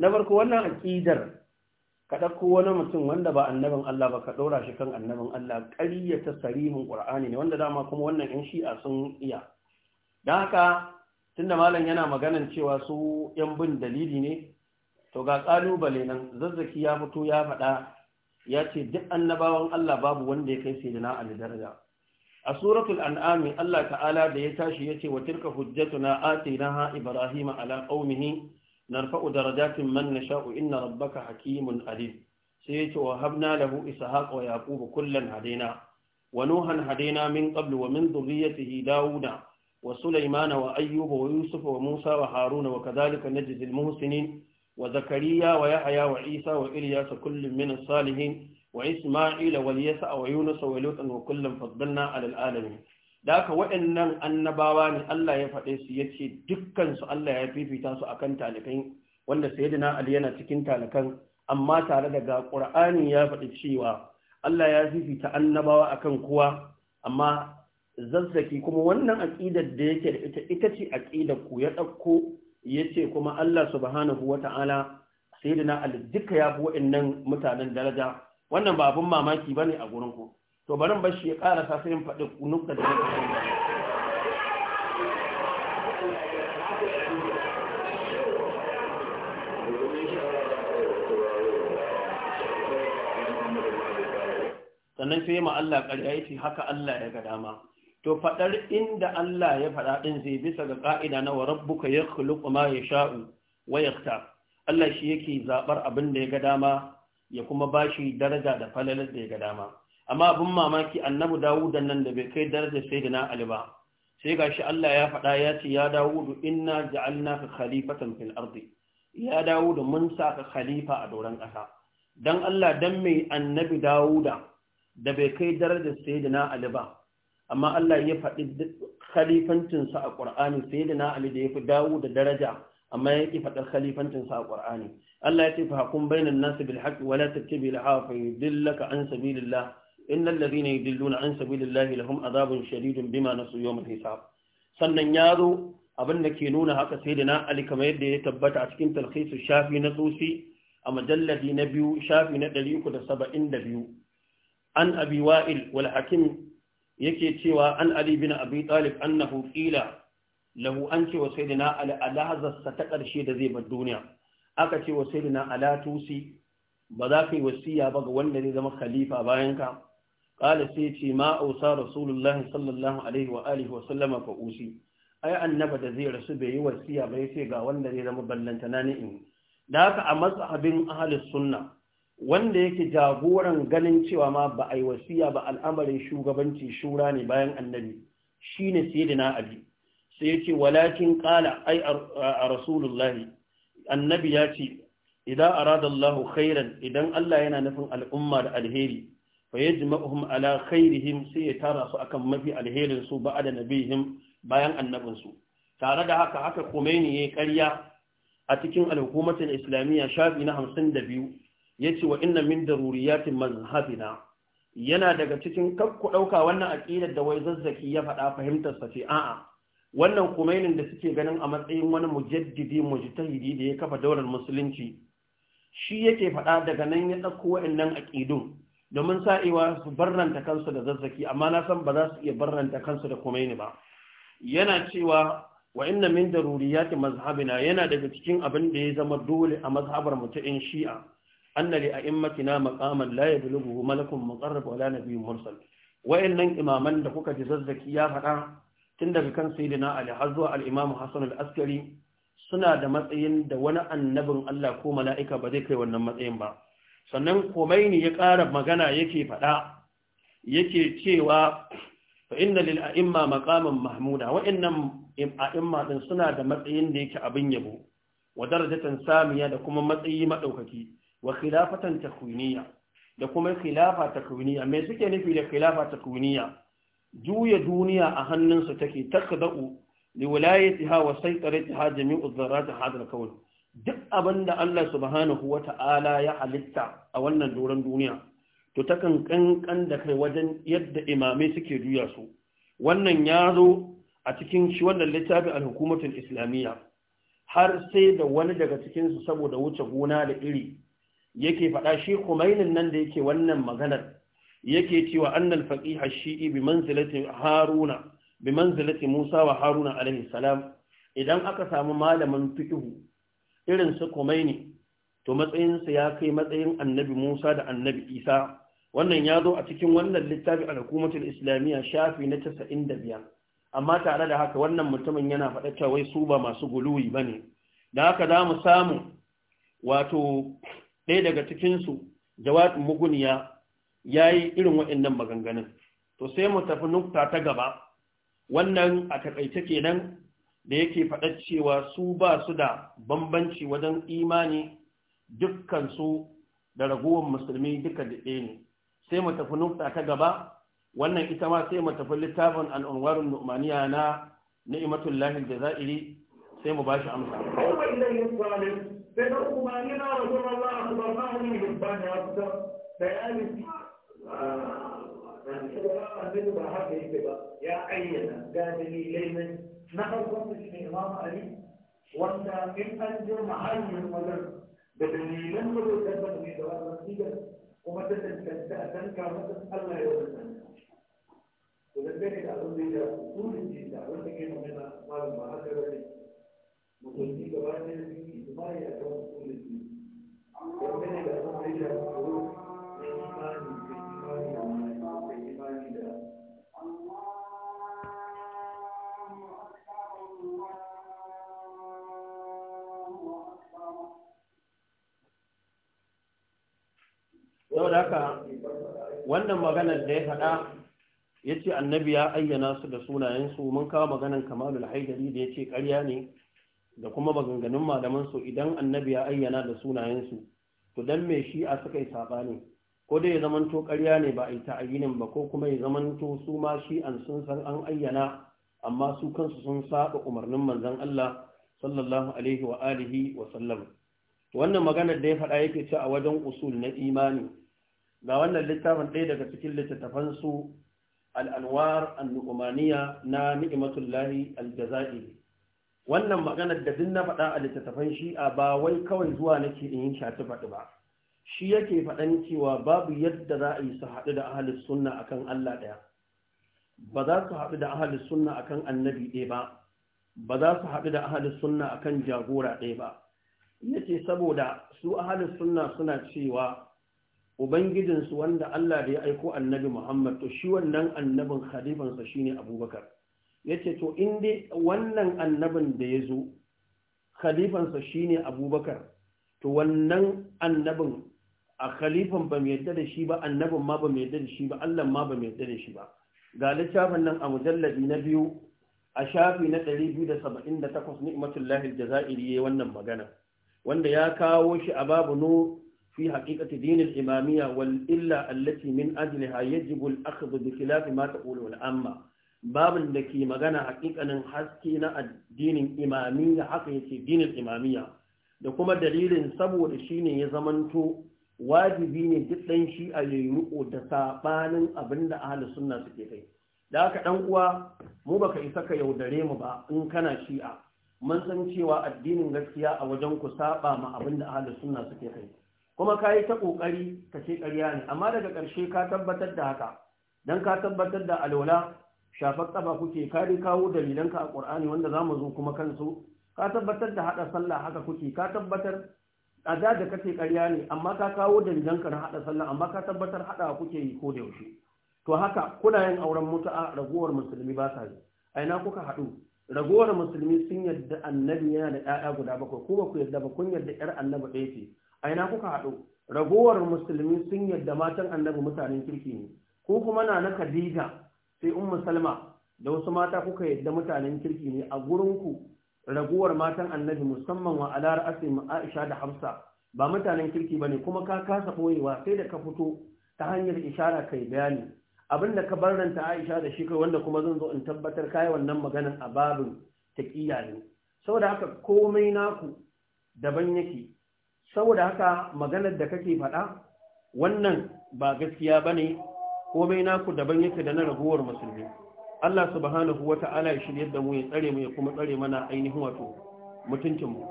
na farko wannan aƙidar ka ɗauko wani mutum wanda ba annabin Allah ba ka ɗora shi kan annabin Allah ta sarihin ƙur'ani ne wanda dama kuma wannan 'yan shi'a sun iya don haka tunda malam yana maganan cewa su 'yan bin dalili ne to ga ƙalubale nan zazzaki ya fito ya faɗa ya ce duk annabawan Allah babu wanda ya kai sai da na daraja a suratul an'ami Allah ta'ala da ya tashi yace wa tilka hujjatuna atainaha ibrahima ala qaumihi narfa'u darajatin man nasha'u inna rabbaka hakimun alim sai yace wa habna lahu ishaqa wa yaquba kullan hadaina wa nuhan hadaina min qablu wa min dhurriyyatihi dauda wa sulaymana wa ayyuba wa yusufa wa musa wa haruna wa kadhalika najzi al muhsinin wa zakariya wa yahya wa isa wa ilyas kullun min as-salihin wa Isma'ila wal Yasa wa Yunus wa Lutan wa kullum faddalna alal da aka waɗannan annabawa ne Allah ya faɗe su ya ce dukkansu Allah ya fifita su akan talikan wanda sayyidina Ali yana cikin talakan amma tare da ga ya faɗi cewa Allah ya fifita annabawa akan kowa amma zazzaki kuma wannan aƙidar da yake da ita ita ce aƙidar ku ya ɗauko ya ce kuma Allah subhanahu wa ta'ala Sayyidina Ali duka ya fi waɗannan mutanen daraja wannan ba abin mamaki ba ne a gurin ku to barin bashi ya ƙarasa sai in faɗi nukta da nake sannan sai ma Allah ƙarya ya ce haka Allah ya ga dama to faɗar inda Allah ya faɗa ɗin zai bisa ga ƙa'ida na wa rabbuka ya khuluqu ma yasha'u wa Allah shi yake zabar abin da ya ga dama ya kuma ba shi daraja da falalar da ya ga dama amma abin mamaki annabi dawudan nan da bai kai darajar sai da na ali ba sai gashi Allah ya faɗa ya ce ya dawudu inna ja'alnaka khalifatan fil ardi ya dawudu mun ka khalifa a doron ƙasa dan Allah dan mai annabi dawuda da bai kai darajar sai da na ali ba amma Allah ya faɗi khalifancinsa a ƙur'ani sai da na ali da ya fi dawo da daraja amma ya ƙi faɗar khalifancinsa a ƙur'ani Allah ya ce fa hakum bainan nas bil haqq wa la tattabi al hawa yudillaka an sabilillah innal ladhina yudilluna an sabilillah lahum adhabun shadidun bima nasu yawm al hisab sannan ya zo abinda ke nuna haka sai da na ali kamar yadda ya tabbata a cikin talkhis shafi na tsusi a majalladi na biyu shafi na 372 an abi wa'il wal hakim yake cewa an ali bin abi talib annahu qila lahu an cewa sayyidina ali alahazarsa ta karshe da zai bar duniya aka ce wa sayyidina ala tusi ba za ka yi wasiya ba ga wanda zai zama khalifa bayan ka qala sai ce ma ausa rasulullah sallallahu alaihi wa alihi wa sallama fa usi ai annaba da zai rasu bai yi wasiya ba sai ga wanda zai zama ballantana ne in da haka a mazhabin ahlus sunna wanda yake jagoran ganin cewa ma ba a yi wasiya ba al'amarin shugabanci shura ne bayan annabi shine sayyidina abi sai yace walakin qala ai a rasulullahi annabi ya ce idan aradallahu khairan idan Allah yana nufin al'umma da alheri fa yajma'uhum ala khairihim sai ya tara su akan mafi alherin su ba da nabihim bayan annabin su tare da haka haka Khomeini ya ƙarya a cikin al islamiyya shafi na 52 yace wa inna min daruriyatin mazhabina yana daga cikin kakku dauka wannan aqidar da wai zazzaki ya faɗa fahimtar sa ce a'a wannan kumainin da suke ganin a matsayin wani mujaddidi mujtahidi da ya kafa daular musulunci shi yake faɗa daga nan ya ɗauko wa'annan aƙidun domin sa'iwa su barranta kansu da zazzaki amma na san ba za su iya barranta kansu da kumaini ba yana cewa wa inna min daruriyati mazhabina yana daga cikin abin da ya zama dole a mazhabar mu ta in shi'a anna li a'immatina maqaman la yablughu malakun muqarrab wala nabiyyun mursal wa'annan imaman da kuka ji zazzaki ya faɗa tun daga kan sayyidina Ali har zuwa al-Imam Hassan al-Askari suna da matsayin da wani annabin Allah ko mala'ika ba zai kai wannan matsayin ba sannan Khomeini ya ƙara magana yake faɗa yake cewa fa inna lil a'imma maqaman mahmuda wa'annan a'imma din suna da matsayin da yake abin yabo wa darajatan samiya da kuma matsayi madaukaki wa khilafatan takwiniya da kuma khilafa takwiniya me suke nufi da khilafa takwiniya juya duniya a hannunsa take takda'u li wilayatiha wa saytaratiha jami'u dharrat hadal kawn duk abinda Allah subhanahu Ta'ala ya halitta a wannan doron duniya to takan kankan da kai wajen yadda imamai suke juya su wannan ya zo a cikin shi wannan littafin al-hukumatul islamiyya har sai da wani daga cikin su saboda wuce gona da iri yake faɗa shi kumainin nan da yake wannan maganar yake cewa annal faqiha shi'i bi manzilati haruna bi manzilati musa wa haruna alaihi salam idan aka samu malaman fiqh irin su ne, to matsayin sa ya kai matsayin annabi musa da annabi isa wannan ya zo a cikin wannan littafi a hukumatul islamiyya shafi na 95 amma tare da haka wannan mutumin yana faɗa cewa wai su ba masu guluwi bane da haka za mu samu wato ɗaya daga cikinsu jawad muguniya ya yi irin waɗannan maganganun to sai mu tafi nukta ta gaba wannan a takaice kenan da yake faɗa cewa su ba su da bambanci wajen imani dukkansu da ragowar musulmi duka da ne sai mu tafi nukta ta gaba wannan ita ma sai mu tafi littafin al'unwarin numaniya na ni'imatun lahil da za'iri sai mu ba shi amsa بينهما لنا annabi ba haka yake ba ya ayyana ga dalilai ne na farkon da shi imam ali wanda in an je mahallin wajen da dalilan da zai tabbata ne da wannan sigar kuma ta tantance a tanka masa Allah ya wannan to da gani da abin da ya usulin jinda wanda ke magana malam ba haka bane mutum gaba ne da yake ijma'i akan usulin jinda wanda ne da abin da ya saboda haka wannan maganar da ya faɗa ya ce annabi ya ayyana su da sunayensu mun kawo maganar kamalul haidari da ya ce karya ne da kuma maganganun malaman su idan annabi ya ayyana da sunayensu to dan me shi a suka yi ne ko dai ya zamanto karya ne ba a yi ta'ayyinin ba ko kuma ya zamanto su ma shi an sun san an ayyana amma su kansu sun saba umarnin manzon Allah sallallahu alaihi wa alihi wa sallam wannan maganar da ya faɗa yake ce a wajen usul na imani ga wannan littafin ɗaya daga cikin littattafan su al'anwar annu'umaniya na ni'imatullahi aljaza'i wannan maganar da duk na faɗa a littattafan shi'a ba wai kawai zuwa nake in yi shafi faɗi ba shi yake faɗan cewa babu yadda za a yi su haɗu da ahalus sunna kan Allah ɗaya ba za su haɗu da ahalus sunna kan annabi ɗaya ba ba za su haɗu da ahalus sunna akan jagora ɗaya ba yace saboda su ahalus sunna suna cewa ubangijinsu wanda Allah da ya aiko annabi Muhammad to shi wannan annabin khalifansa shine Abubakar yace to in wannan annabin da ya zo khalifansa shine Abubakar to wannan annabin a khalifan ba mai yadda da shi ba annabin ma ba mai yadda da shi ba Allah ma ba mai yadda da shi ba ga littafin nan a mujalladi na biyu a shafi na 278 ni'matullahi aljazairi yayin wannan magana wanda ya kawo shi a babu في حقيقة دين الإمامية والإلا التي من أجلها يجب الأخذ بخلاف ما تقوله الأمة باب لكي مغانا حقيقة حسكينا الدين الإمامية حقيقة دين الإمامية لكم دليل سبو لشيني يزمنتو wajibi ne duk ɗan shi a yayi da saɓanin abin da ahli sunna suke kai da haka ɗan uwa mu baka isa ka yaudare mu ba in kana shi'a mun san cewa addinin gaskiya a wajen ku saɓa ma abin da ahli sunna suke kai kuma ka yi ta ƙoƙari ka ce ƙarya ne amma daga ƙarshe ka tabbatar da haka don ka tabbatar da alwala shafar ƙafa kuke ka kawo dalilanka a ƙur'ani wanda za mu zo kuma kansu ka tabbatar da haɗa sallah haka kuke ka tabbatar a da da kace ƙarya ne amma ka kawo dalilanka na haɗa sallah amma ka tabbatar haɗa kuke yi ko da yaushe to haka kuna yin auren mutu'a ragowar musulmi ba sa yi a ina kuka haɗu ragowar musulmi sun yarda annabi yana da 'ya'ya guda bakwai kuma ku yarda ba kun yarda 'yar annabi ɗaya ce a ina kuka haɗu ragowar musulmi sun yadda matan annabi mutanen kirki ne ko kuma na na khadija sai ummu salma da wasu mata kuka yadda mutanen kirki ne a gurin ku ragowar matan annabi musamman wa alar asim aisha da hafsa ba mutanen kirki bane kuma ka kasa koyewa sai da ka fito ta hanyar ishara kai bayani Abin da ka barranta aisha da shi kai wanda kuma zan zo in tabbatar kai wannan maganan a babin taqiyya ne saboda haka komai naku daban yake saboda haka maganar da kake faɗa wannan ba gaskiya ba ne komai naku daban yake da na raguwar musulmi Allah subhanahu wa ta'ala ya shirya da mu ya tsare mu ya kuma tsare mana ainihin wato mutuncinmu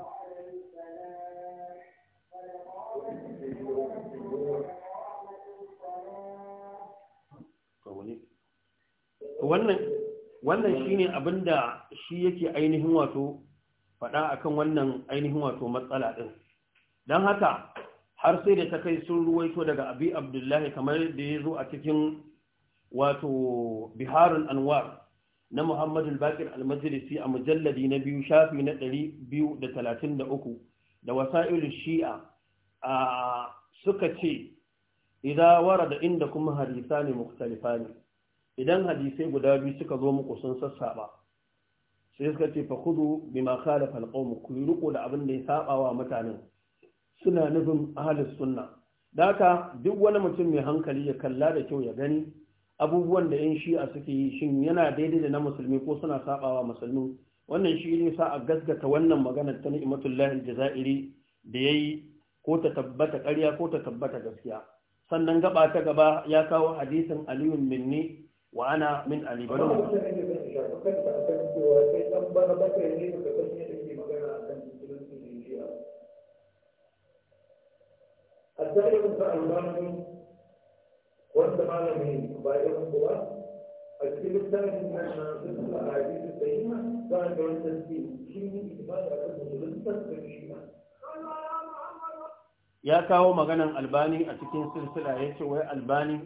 wannan wannan shine abinda shi yake ainihin wato faɗa akan wannan ainihin wato matsala ɗin don haka har sai da ta kai sun ruwaito daga abi abdullahi kamar da ya zo a cikin wato biharun anwar na muhammadu bakir almajlisi a mujalladi na biyu shafi na 233 da wasa'il shi'a a suka ce idan wara da inda kuma hadisa ne mukhtalifa ne idan hadisai guda biyu suka zo muku sun sassaba sai suka ce fa kudu bima khalafa alqawm ku riko da abin da ya saba wa mutanen suna nufin ahalis sunna daka duk wani mutum mai hankali ya kalla da kyau ya gani abubuwan da yan shi'a suke yi shin yana daidai da na musulmi ko suna sabawa musulmi wannan shi ne sa a gasgata wannan maganar ta ni'matullahi jazairi da yayi ko ta tabbata ƙarya ko ta tabbata gaskiya sannan gaba ta gaba ya kawo hadisin aliyun minni wa ana min ali sa albani wanda malami ba ya ba a cikin littafin na shanzu da a hadisi da yi ma za a ga wanda ke shi ne da ta musulunta da shi ma ya kawo maganan albani a cikin silsila ya ce wai albani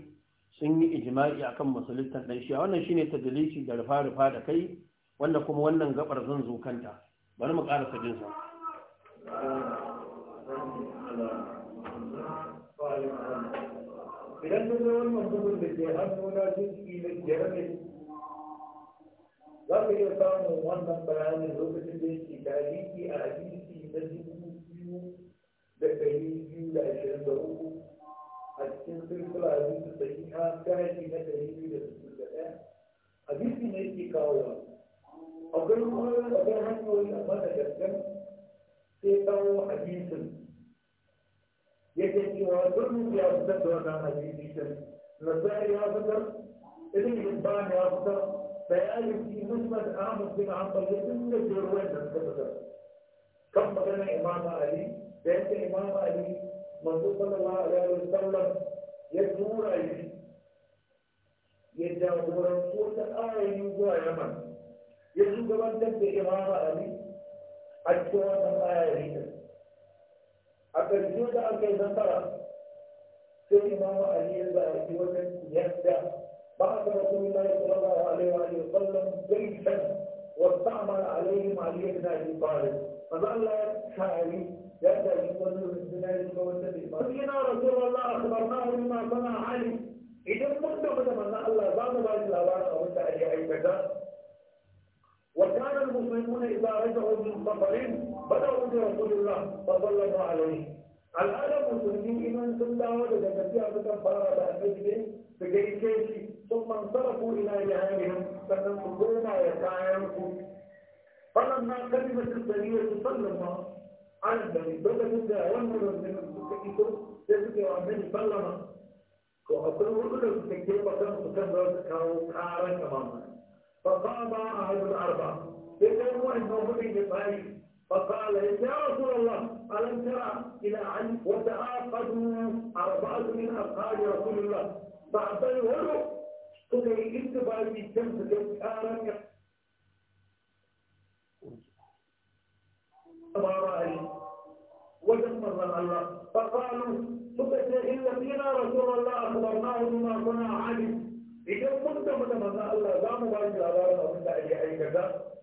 sun yi ijma'i akan musuluntan dan a wannan shine dalici da rufa rufa da kai wanda kuma wannan gabar zan zo kanta bari mu ƙara sa. alaihi wasallam idan mun zo wannan bugun da ke hannuna jinsi da jarabe za ka iya samun wannan bayanin lokacin da yake tarihi a hadisi na dubu biyu da ɗari biyu da ashirin da uku a cikin sirkula hadisi da yi ha tarihi na ɗari biyu da sittin da ɗaya hadisi ne yake kawowa akwai kuma akwai hanyoyi a da gaskan sai kawo hadisin yake cewa duk ya fitar da wannan hadisi din nazari ya fitar ibn ya fitar bayani fi musnad ahmad bin hanbal ya dinga jirwan da suka fitar kan magana imam ali da yake imam ali manzo ah, a alaihi sallar, ya tura shi ya jagoranci wata yi zuwa yaman ya shugabantar da imam ali a cikin wannan ayoyi aka biyo da aka yi nasara sai imamu ali ya zaɓi wajen yadda بعث رسول الله صلى الله عليه وآله وسلم جيشا واستعمل عليهم علي بن ابي طالب فظل شاعري يأتي يقول من سنة قلنا رسول الله أخبرناه بما صنع علي إذا كنت تتمنى الله بعد ذلك الأوان أو أنت أي أي وكان المسلمون إذا رجعوا من سفرهم bada wani rasulullah babbalata alayhi al'adar musulmi iman sun dawo da tafiya su kan fara da annabi su gaishe shi sun mansara ku ina ya hanyar sannan su koma kayan ku fannan na kalima su sani ya su sannan ma an bari lokacin da wannan rasulun suka iso sai suke wa annabi sallama ko akwai wurin da suke keɓa kan su kan su kawo karan ba. ba ba a hajjar arba sai kai wani mafi da tsari فقال يا رسول الله ألم ترى إلى أن وتعاقدوا أربعة من أصحاب رسول الله بعد الولو لي إنت بعد الشمس جبارا وجم الله فقالوا سبحانه إن فينا رسول الله أخبرناه بما كنا عالم إذا كنت متمنى الله لا مبارك الله ومن أجل أي كذا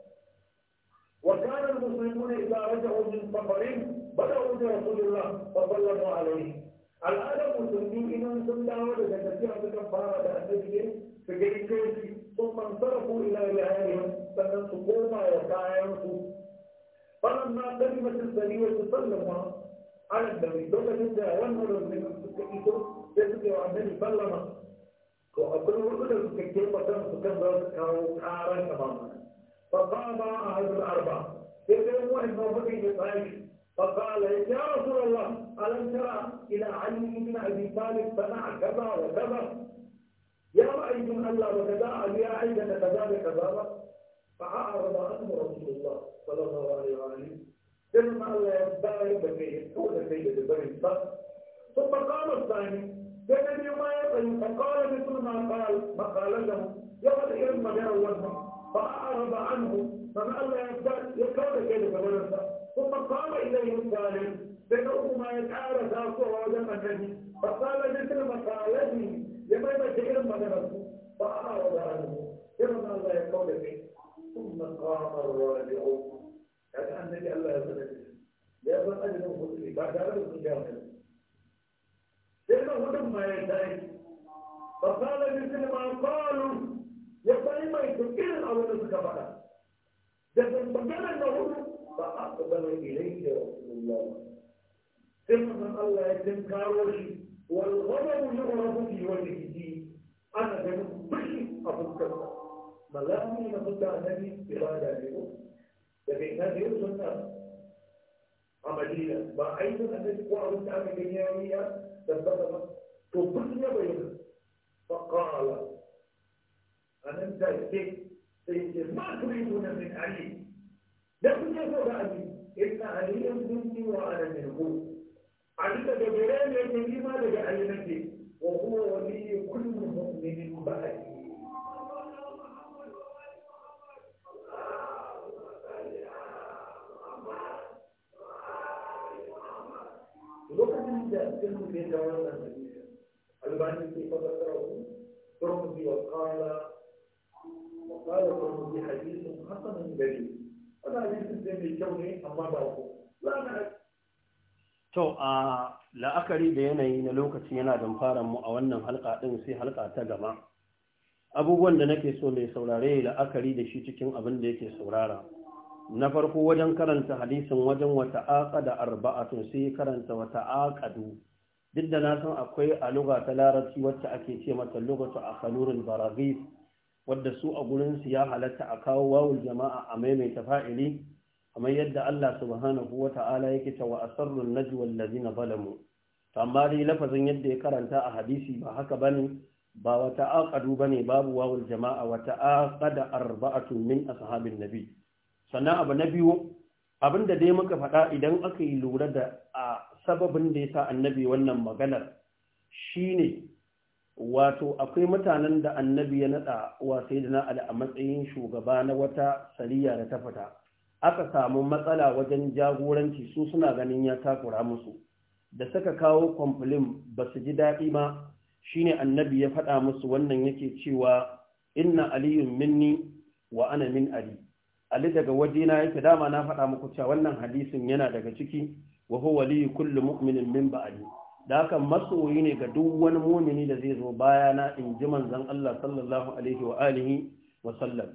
وكان المسلمون إذا رجعوا من سفرهم بدأوا برسول الله فسلموا عليه al'adar musulmi idan sun dawo daga tafiya suka fara da annabi su gaishe shi sun mansarafu ila ilayen sannan su koma wa kayan su wannan na kalimatin zariya su sallama alal da mai lokacin da wannan rundunar suka iso sai suka yi wa annabi sallama to akwai wasu da suka su kawo ƙarar فقام أحد الأربعة يقول واحد موافقين يطعيش فقال يا رسول الله ألم ترى إلى علي بن أبي طالب صنع كذا وكذا يا رأيت ألا وكذا أعيد أن كذا وكذا فأعرض عنه رسول الله صلى الله عليه وآله ثم الله يبدأ بكيه كل شيء ببني ثم قام الثاني كان يوم يقول فقال مثل ما قال مقالته قال له يوم الإرم جرى وجهه فأعرض عنه فما فمألا يكاد كذب ونفسه ثم قال إليه الثالث بينهما يتعارف وعدم النبي فقال مثل مقالته لماذا شئر مدرسه فأعرض عنه كما الله يقول به ثم قام الرابع كان النبي الله يتنبه لأنه أجل خطري بعد أجل خجامل سيما هدم ما يدعي فقال مثل ما قالوا ya bayi mai da irin abin da suka faɗa daga maganar na hudu ba a taɓa ilai da rasulullah sai manzon Allah ya tinkaro shi wal ghadabu yughrabu fi wajhihi ana ganin fushi a fuskarsa malami na fuska annabi ibada ne ko daga ina da yau sunna a Madina ba a yi sun annabi ko abin da aka gani ya yi ya tabbata ba to fushi ya bayyana faqala فنبدأ به ما تريدون من علي لا تجد علي إن علي مني وأنا منه علي جبران الذي ما لقى علمتي وهو ولي كل مؤمن بعدي lokacin da ilmu ne da wannan hadisi albani ke fadakarwa turmuzi wa kala ba ya kuma bi hadisin hasanin gari wani hadisin zai mai kyau ne amma ba to a la'akari da yanayi na lokaci yana don fara mu a wannan halka ɗin sai halka ta gaba abubuwan da nake so mai saurare la'akari da shi cikin abin da yake saurara na farko wajen karanta hadisin wajen wata aƙa da sai karanta wata aƙadu duk da na san akwai a lugata ta larabci wacce ake ce mata lugatu a kanurin baragis wadda su a gurin su ya halatta a kawo wawul jama'a a maimaita fa'ili kamar yadda Allah subhanahu Wata'ala ta'ala yake cewa asarrun najwa allazina zalamu amma dai lafazin yadda ya karanta a hadisi ba haka bane ba wata ba ne, babu wawul jama'a wata aqada arba'atu min ashabin nabi sannan abu na biyu da dai muka faɗa idan aka yi lura da a sababin da ya sa annabi wannan maganar shine wato akwai mutanen da annabi ya nada wa sayyidina ali a matsayin shugaba na wata sariya da ta fita aka samu matsala wajen jagoranci su suna ganin ya takura musu da suka kawo kwamfulin ba su ji daɗi ba shine annabi ya faɗa musu wannan yake cewa inna aliyun minni wa ana min ali ali daga wajena yake dama na faɗa muku cewa wannan hadisin yana daga ciki wa huwa li kullu mu'minin min ba'di da haka masoyi ne ga duk wani mumini da zai zo baya na in ji manzon Allah sallallahu alaihi wa alihi wa sallam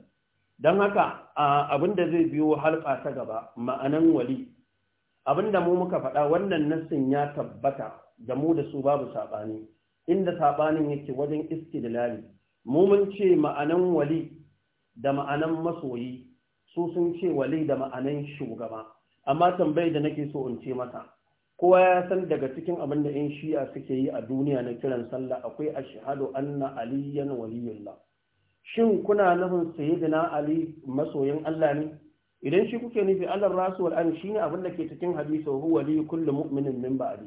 don haka abin da zai biyo halka ta gaba ma'anan wali abin da mu muka faɗa wannan nassin ya tabbata da mu da su babu saɓani inda saɓanin yake wajen istidlali mu mun ce ma'anan wali da ma'anan masoyi su sun ce wali da ma'anan shugaba amma tambayar da nake so in ce masa kowa ya san daga cikin abin da yan shi'a suke yi a duniya na kiran sallah akwai a ashhadu anna aliyan waliyullah shin kuna nufin sayyidina ali masoyin Allah ne idan shi kuke nufi Allah rasu wal an shine abin da ke cikin hadisi wa wali kullu mu'minin min ba'di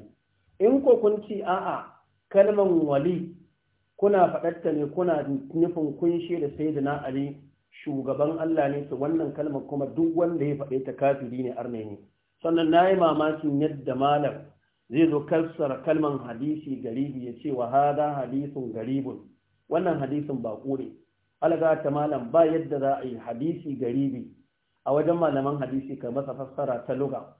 in ko kun ci a'a kalman wali kuna faɗatta ne kuna nufin kunshe da sayyidina ali shugaban Allah ne su wannan kalmar kuma duk wanda ya faɗe ta kafiri ne arne ne sannan na yi mamakin yadda malam zai zo kassara kalman hadisi garibi ya ce wa hada hadisun garibun wannan hadisin ba ne alaga malam ba yadda za a yi hadisi garibi a wajen malaman hadisi ka masa fassara ta luga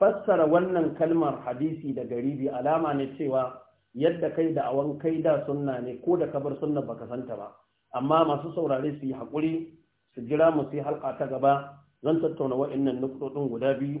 fassara wannan kalmar hadisi da garibi alama ne cewa yadda kai da awan kai da sunna ne ko da kabar sunna baka santa ba amma masu saurare su yi haƙuri su jira mu sai halka ta gaba zan tattauna wa'annan nukuɗoɗin guda biyu